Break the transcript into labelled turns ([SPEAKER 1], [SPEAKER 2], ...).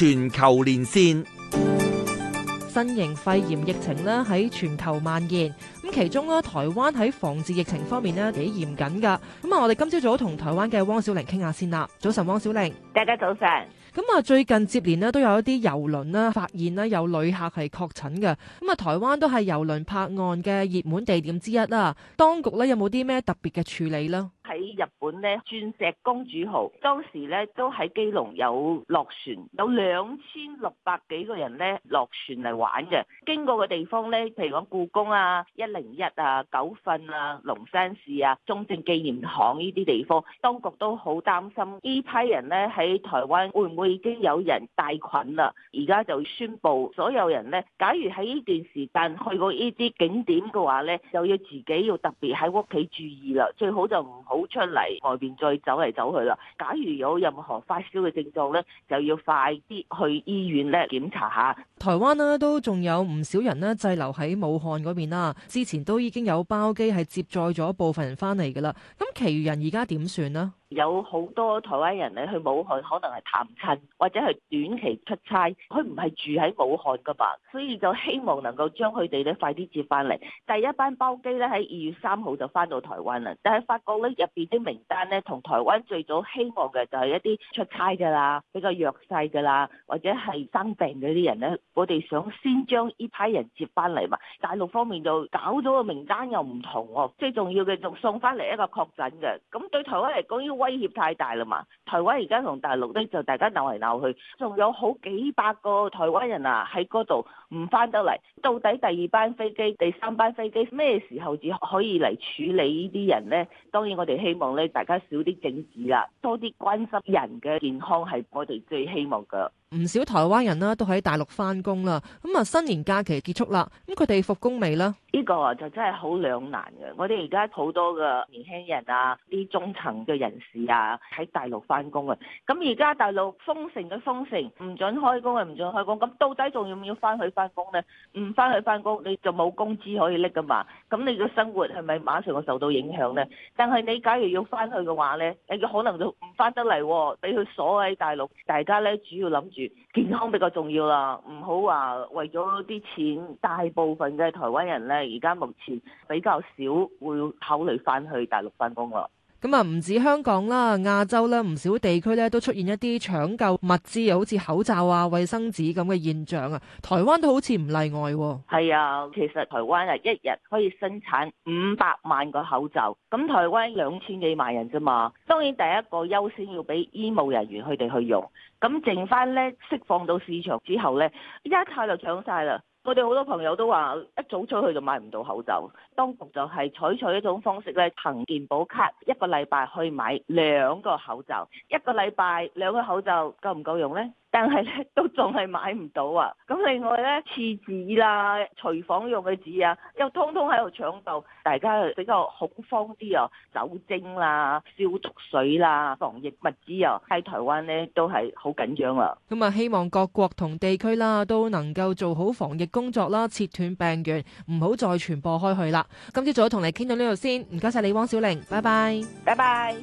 [SPEAKER 1] 全球連線，新型肺炎疫情咧喺全球蔓延，咁其中咧台灣喺防治疫情方面咧幾嚴謹噶，咁啊我哋今朝早同台灣嘅汪小玲傾下先啦。早晨，汪小玲，大家早晨。咁啊，最近接連咧都有一啲遊輪咧發現咧有旅客係確診嘅，咁啊台灣都係遊輪泊岸嘅熱門地點之一啦。當局咧有冇啲咩特別嘅處理呢？
[SPEAKER 2] 喺日本咧，鑽石公主號當時咧都喺基隆有落船，有兩千六百幾個人咧落船嚟玩嘅。經過嘅地方咧，譬如講故宮啊、一零一啊、九份啊、龍山寺啊、中正紀念堂呢啲地方，當局都好擔心呢批人咧喺台灣會唔會已經有人帶菌啦？而家就宣布所有人咧，假如喺呢段時間去過呢啲景點嘅話咧，就要自己要特別喺屋企注意啦，最好就唔好，出嚟外邊再走嚟走去啦。假如有任何發燒嘅症狀呢，就要快啲去醫院咧檢查下。
[SPEAKER 1] 台灣咧都仲有唔少人呢，滯留喺武漢嗰邊啦、啊，之前都已經有包機係接載咗部分人翻嚟嘅啦。咁其餘人而家點算呢？
[SPEAKER 2] 有好多台灣人呢，去武漢，可能係探親或者係短期出差，佢唔係住喺武漢噶吧，所以就希望能夠將佢哋咧快啲接翻嚟。第一班包機咧喺二月三號就翻到台灣啦，但係發覺咧入邊啲名單咧同台灣最早希望嘅就係一啲出差嘅啦，比較弱勢嘅啦，或者係生病嗰啲人咧。我哋想先將呢批人接翻嚟嘛，大陸方面就搞咗個名單又唔同，最重要嘅仲送翻嚟一個確診嘅，咁對台灣嚟講，呢個威脅太大啦嘛。台灣而家同大陸咧就大家鬧嚟鬧去，仲有好幾百個台灣人啊喺嗰度唔翻得嚟，到底第二班飛機、第三班飛機咩時候至可以嚟處理呢啲人呢？當然我哋希望咧大家少啲政治啦，多啲關心人嘅健康係我哋最希望噶。
[SPEAKER 1] 唔少台灣人啦，都喺大陸翻工啦。咁啊，新年假期結束啦，咁佢哋復工未咧？
[SPEAKER 2] 呢個就真係好兩難嘅。我哋而家好多嘅年輕人啊，啲中層嘅人士啊，喺大陸翻工啊。咁而家大陸封城嘅封城，唔准開工嘅唔准開工。咁到底仲要唔要翻去翻工呢？唔翻去翻工，你就冇工資可以拎噶嘛。咁你嘅生活係咪馬上會受到影響呢？但係你假如要翻去嘅話呢，你可能就唔翻得嚟喎。俾佢鎖喺大陸，大家呢主要諗住。健康比較重要啦，唔好話、啊、為咗啲錢，大部分嘅台灣人呢，而家目前比較少會考慮翻去大陸翻工啦。
[SPEAKER 1] 咁啊，唔止香港啦，亞洲啦，唔少地區咧都出現一啲搶購物資又好似口罩啊、衛生紙咁嘅現象啊，台灣都好似唔例外啊。
[SPEAKER 2] 係啊，其實台灣啊，一日可以生產五百萬個口罩，咁台灣兩千幾萬人啫嘛。當然第一個優先要俾醫務人員佢哋去用，咁剩翻咧釋放到市場之後咧，一下就搶晒啦。我哋好多朋友都話，一早出去就買唔到口罩。當局就係採取一種方式咧，憑健保卡一個禮拜去買兩個口罩。一個禮拜兩個口罩夠唔夠用咧？但係咧都仲係買唔到啊！咁另外咧，廁紙啦、廚房用嘅紙啊，又通通喺度搶購，大家比較恐慌啲啊！酒精啦、消毒水啦、防疫物資啊，喺台灣咧都係好緊張啊。
[SPEAKER 1] 咁啊，希望各國同地區啦，都能夠做好防疫工作啦，切斷病源，唔好再傳播開去啦。今朝早同你傾到呢度先，唔該晒你，汪小玲，拜拜，拜拜。